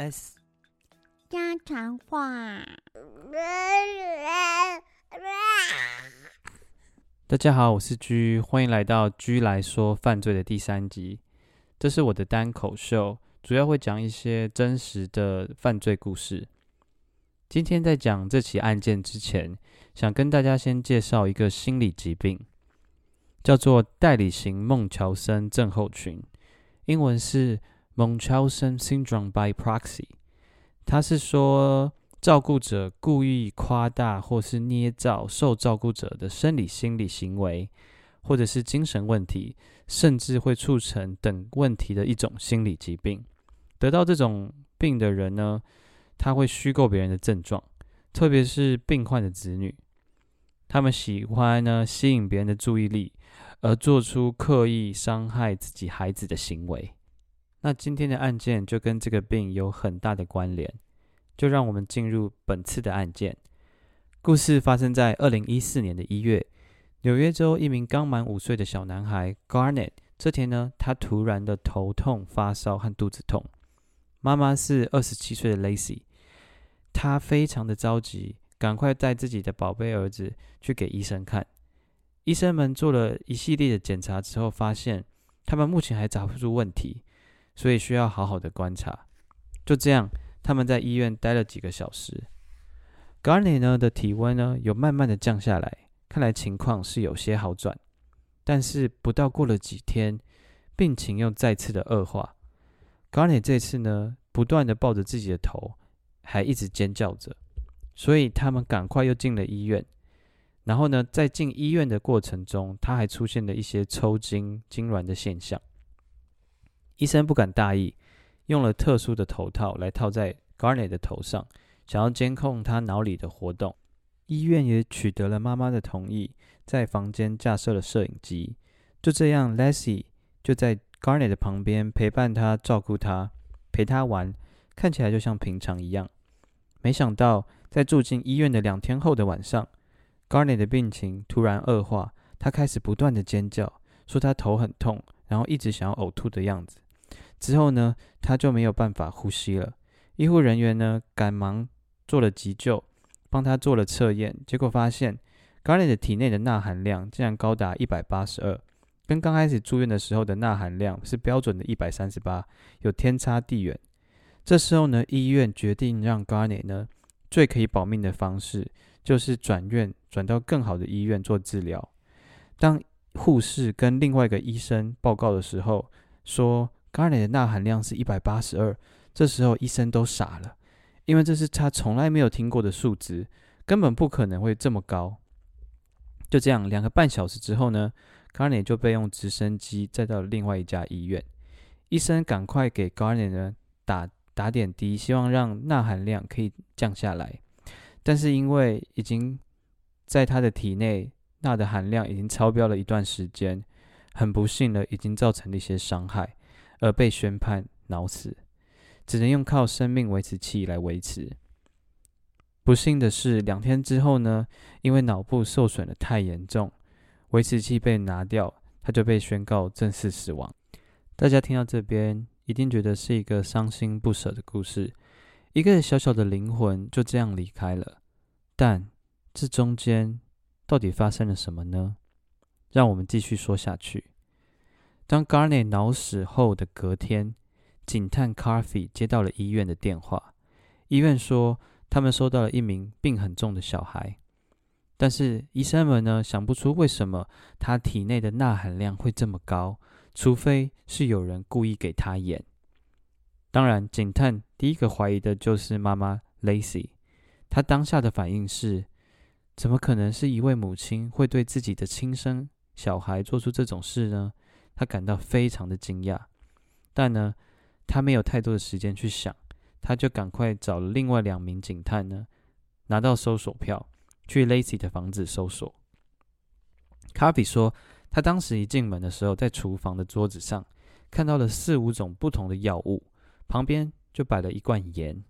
S 家常話。大家好，我是 G，歡迎來到《G 來說犯罪》的第三集。這是我的單口秀，主要會講一些真實的犯罪故事。今天在講這起案件之前，想跟大家先介紹一個心理疾病，叫做代理型孟喬森症候群，英文是。Munchausen Syndrome by Proxy，他是說，照顧者故意誇大或是捏造受照顧者的生理、心理行為，或者是精神問題，甚至會促成等問題的一種心理疾病。得到這種病的人呢，他會虛構別人的症狀，特別是病患的子女，他們喜歡呢吸引別人的注意力，而做出刻意傷害自己孩子的行為。那今天的案件就跟這個病有很大的關聯，就讓我們進入本次的案件。故事發生在二零一四年的一月，紐約州一名剛滿五歲的小男孩 Garnett，這天呢，他突然的頭痛、發燒和肚子痛。媽媽是二十七歲的 Lacey，她非常的着急，趕快帶自己的寶貝兒子去給醫生看。醫生們做了一系列的檢查之後，發現他們目前還找不出問題。所以需要好好的觀察。就這樣，他們在醫院待了幾個小時。Garnett 呢的體溫呢有慢慢的降下來，看來情況是有些好轉。但是不到過了幾天，病情又再次的惡化。Garnett 這次呢不斷的抱着自己的頭，還一直尖叫着，所以他們趕快又進了醫院。然後呢，在進醫院的過程中，他還出現了一些抽筋、痙攣的現象。醫生不敢大意，用了特殊的頭套來套在 Garnet 的頭上，想要監控他腦裡的活動。醫院也取得了媽媽的同意，在房間架設了攝影機。就這樣，Lacey 就在 Garnet 的旁邊陪伴他，照顧他，陪他玩，看起來就像平常一樣。沒想到，在住進醫院的兩天後的晚上，Garnet 的病情突然惡化，他開始不斷的尖叫，說他頭很痛，然後一直想要嘔吐的樣子。之後呢，他就沒有辦法呼吸了。醫護人員呢，趕忙做了急救，幫他做了測驗，結果發現 Garnett 的體內的鈉含量竟然高達一百八十二，跟剛開始住院的時候的鈉含量是標準的一百三十八，有天差地遠。這時候呢，醫院決定讓 Garnett 呢，最可以保命的方式就是轉院，轉到更好的醫院做治療。當護士跟另外一個醫生報告的時候說。g a r n e t 的鈉含量是一百八十二，這時候醫生都傻了，因為這是他從來沒有聽過的數值，根本不可能會這麼高。就這樣，兩個半小時之後呢 g a r n e t 就被用直升機載到了另外一家醫院。醫生趕快給 g a r n e t 呢打打點滴，希望讓鈉含量可以降下來。但是因為已經在他的體內鈉的含量已經超標了一段時間，很不幸呢，已經造成了一些傷害。而被宣判腦死，只能用靠生命維持器來維持。不幸的是，兩天之後呢，因為腦部受損得太嚴重，維持器被拿掉，他就被宣告正式死亡。大家聽到這邊，一定覺得是一個傷心不捨的故事，一個小小的靈魂就這樣離開了。但這中間到底發生了什麼呢？讓我們繼續說下去。當 Garnett 腦死後的隔天，警探 Carfy 接到了醫院的電話。醫院說他們收到了一名病很重的小孩，但是醫生們呢，想不出為什麼他體內的鈉含量會這麼高，除非是有人故意給他演。當然，警探第一個懷疑的就是媽媽 Lacey。她當下的反應是：怎麼可能是一位母親會對自己的親生小孩做出這種事呢？他感到非常的驚訝，但呢，他沒有太多的時間去想，他就趕快找了另外兩名警探呢，拿到搜索票去 Lacey 的房子搜索。卡比說，他當時一進門的時候，在廚房的桌子上看到了四五種不同的藥物，旁邊就擺了一罐鹽。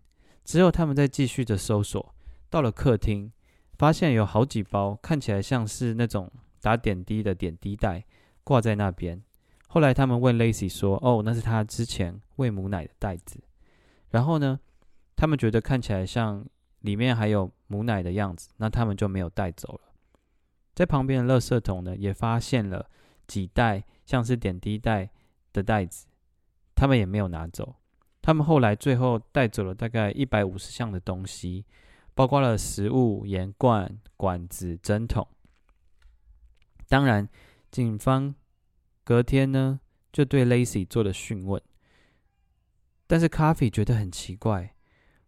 之後，他們再繼續的搜索，到了客廳，發現有好幾包看起來像是那種打點滴的點滴袋掛在那邊。後來他們問 Lacey 說：“哦，那是他之前餵母奶的袋子。”然後呢，他們覺得看起來像裡面還有母奶的樣子，那他們就沒有帶走了。在旁邊的垃圾桶呢，也發現了幾袋像是點滴袋的袋子，他們也沒有拿走。他們後來最後帶走了大概一百五十項的東西，包括了食物、鹽罐、管子、針筒。當然，警方。隔天呢，就對 Lacey 做了訊問。但是 Coffee 覺得很奇怪，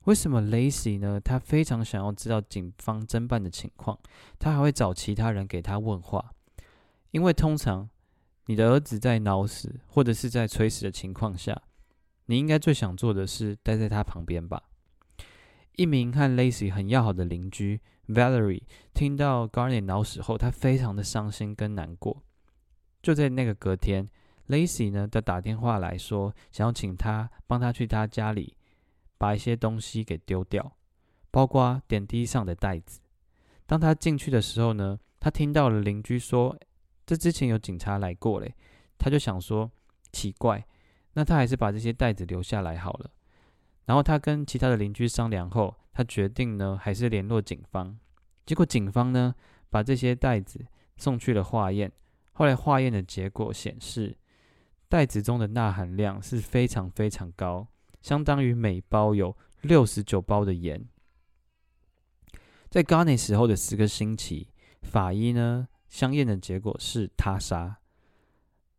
為什麼 Lacey 呢？他非常想要知道警方偵辦的情況，他還會找其他人給他問話。因為通常你的兒子在腦死或者是在垂死的情況下，你應該最想做的是待在他旁邊吧。一名和 Lacey 很要好的鄰居 Valerie 聽到 Garnett 腦死後，他非常的傷心跟難過。就在那個隔天，Lacey 呢就打電話來說，想要請他幫他去他家裡，把一些東西給丟掉，包括點滴上的袋子。當他進去的時候呢，他聽到了鄰居說，這之前有警察來過嘞。他就想說，奇怪，那他還是把這些袋子留下來好了。然後他跟其他的鄰居商量後，他決定呢還是聯絡警方。結果警方呢把這些袋子送去了化驗。後來化驗的結果顯示，袋子中的鈉含量是非常非常高，相當於每包有六十九包的鹽。在 Garnett 死後的十個星期，法醫呢，相驗的結果是他殺，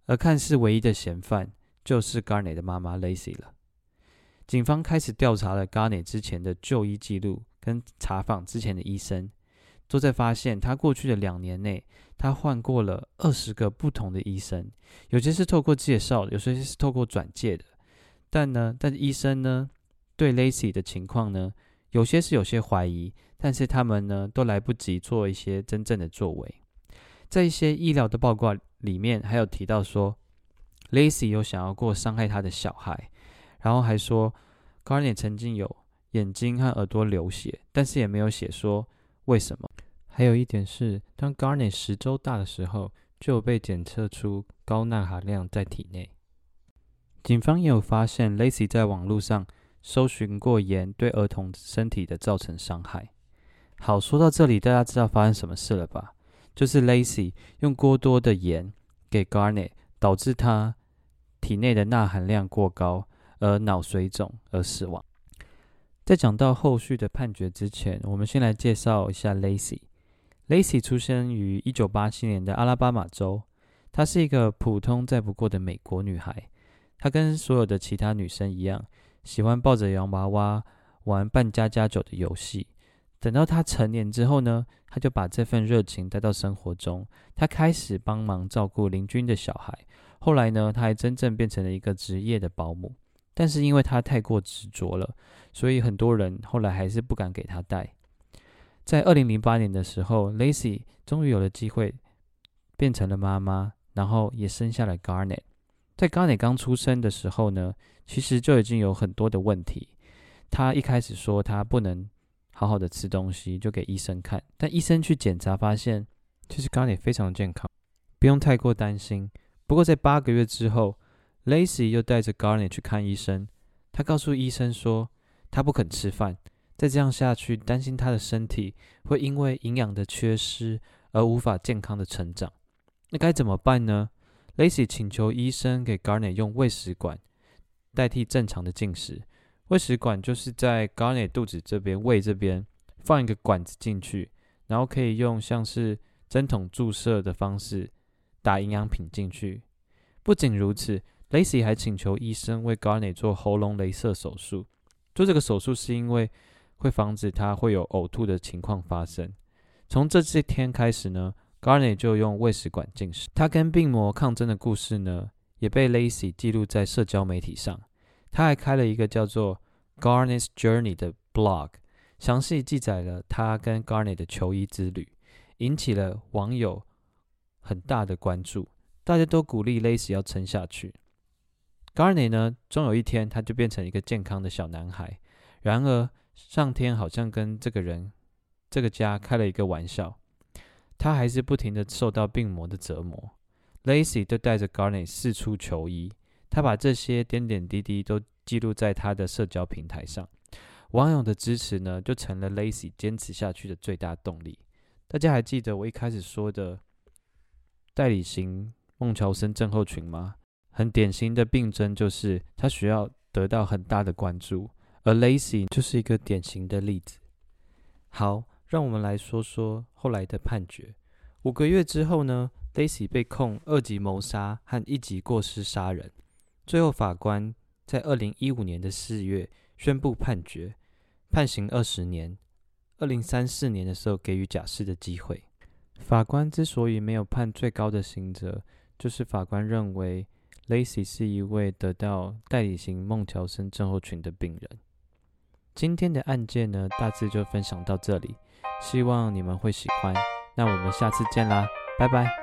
而看似唯一的嫌犯就是 Garnett 的媽媽 Lacey 了。警方開始調查了 Garnett 之前的就醫記錄，跟查訪之前的醫生。都在發現，他過去的兩年內，他換過了二十個不同的醫生，有些是透過介紹，有些是透過轉介的。但呢，但醫生呢，對 Lacey 的情況呢，有些是有些懷疑，但是他們呢，都來不及做一些真正的作為。在一些醫療的報告裡面，還有提到說，Lacey 有想要過傷害他的小孩，然後還說 Garnett 曾經有眼睛和耳朵流血，但是也沒有寫說為什麼。還有一點是，當 Garnet 十周大的時候，就有被檢測出高鈉含量在體內。警方也有發現，Lacey 在網絡上搜尋過鹽對兒童身體的造成傷害。好，說到這裡，大家知道發生什麼事了吧？就是 Lacey 用過多的鹽給 Garnet，導致他體內的鈉含量過高，而腦水腫而死亡。在講到後續的判決之前，我們先來介紹一下 Lacey。Lacey 出生於一九八七年的阿拉巴馬州，她是一個普通再不過的美國女孩。她跟所有的其他女生一樣，喜歡抱着洋娃娃玩扮家家酒的遊戲。等到她成年之後呢，她就把這份熱情帶到生活中。她開始幫忙照顧鄰居的小孩，後來呢，她還真正變成了一個職業的保姆。但是因為她太過執着了，所以很多人後來還是不敢給她帶。在二零零八年的時候，Lacey 終於有了機會，變成了媽媽，然後也生下了 Garnett。在 Garnett 剛出生的時候呢，其實就已經有很多的問題。他一開始說他不能好好的吃東西，就給醫生看，但醫生去檢查發現，其實 Garnett 非常健康，不用太過擔心。不過在八個月之後，Lacey 又帶着 Garnett 去看醫生，他告訴醫生說他不肯吃飯。再這樣下去，擔心他的身體會因為營養的缺失，而無法健康的成長，那該怎麼辦呢？Lacey 請求醫生給 Garnett 用餵食管代替正常的進食。餵食管就是在 Garnett 肚子這邊、胃這邊放一個管子進去，然後可以用像是針筒注射的方式打營養品進去。不僅如此，Lacey 還請求醫生為 Garnett 做喉嚨鐳射手術。做這個手術是因為，會防止他會有嘔吐的情況發生。從這些天開始呢，Garnett 就用餵食管進食。他跟病魔抗爭的故事呢，也被 Lacey 記錄在社交媒體上。他還開了一個叫做 Garnett's Journey 的 blog，詳細記載了他跟 Garnett 的求醫之旅，引起了網友很大的關注。大家都鼓勵 Lacey 要撐下去。Garnett 呢，終有一天他就變成一個健康的小男孩。然而，上天好像跟這個人、這個家開了一個玩笑，他還是不停地受到病魔的折磨。Lacey 就帶着 Garnett 四處求醫，他把這些點點滴滴都記錄在他的社交平台上。網友的支持呢，就成了 Lacey 堅持下去的最大動力。大家還記得我一開始說的代理型孟喬森症候群嗎？很典型的病症就是他需要得到很大的關注。而 Lacey 就是一個典型的例子。好，讓我們來說說後來的判決。五個月之後呢，Lacey 被控二級謀殺和一級過失殺人。最後，法官在二零一五年的四月宣布判決，判刑二十年，二零三四年的時候給予假釋的機會。法官之所以沒有判最高的刑責，就是法官認為 Lacey 是一位得到代理型孟喬森症候群的病人。今天的案件呢，大致就分享到這裡，希望你們會喜歡。那我們下次見啦，拜拜。